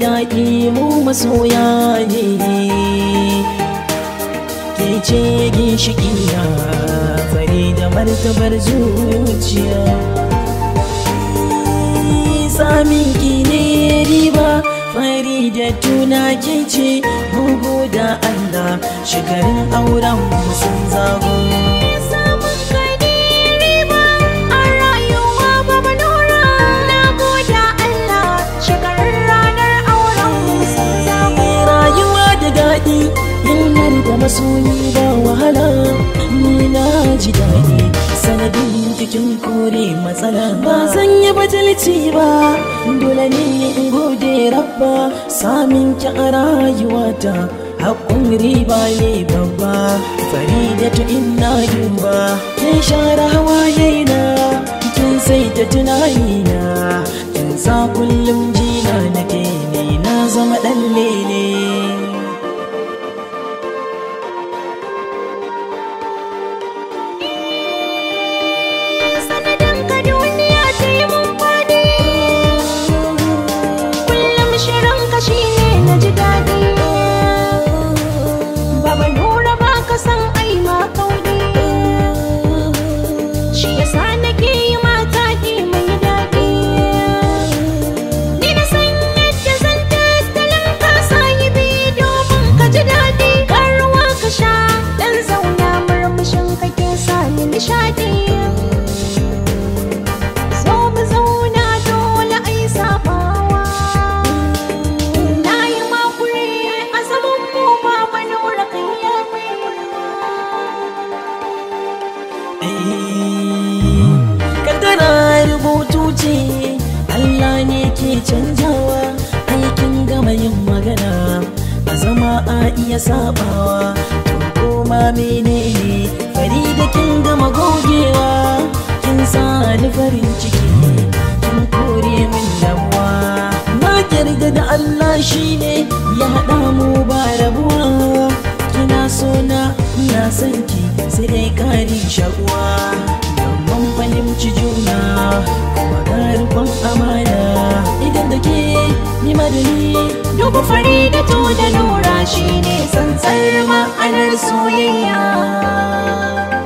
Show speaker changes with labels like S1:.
S1: daɗi mu masoya ne ke ce ginshiƙiya fare da martabar zuciya samin ki ne riba fari da tuna ke ce bugu da allah shigarin auren sun zago masoyi ba wahala ni na ji daɗi sanadin cikin kore matsala ba zan yi batalci ba dole ne in gode rabba samin ki a rayuwata hakkun riba ne babba faridatu inna duba kin share na kin sai ta na kin sa kullum jina nake kaddarar rubutu ce Allah ne ke canjawa aikin gama yin magana a zama a iya sabawa to koma menene fari da kin gama gogewa kin sa ni farin ciki kin kore min damuwa na yarda da Allah shine ya haɗa mu ba rabuwa kina so na na san ki yanzu dai kari shakuwa yamman fahimci juna kuma karfin amana idan da ke ni madani dubu fari da to da nura shine tsantsar ma'anar soyayya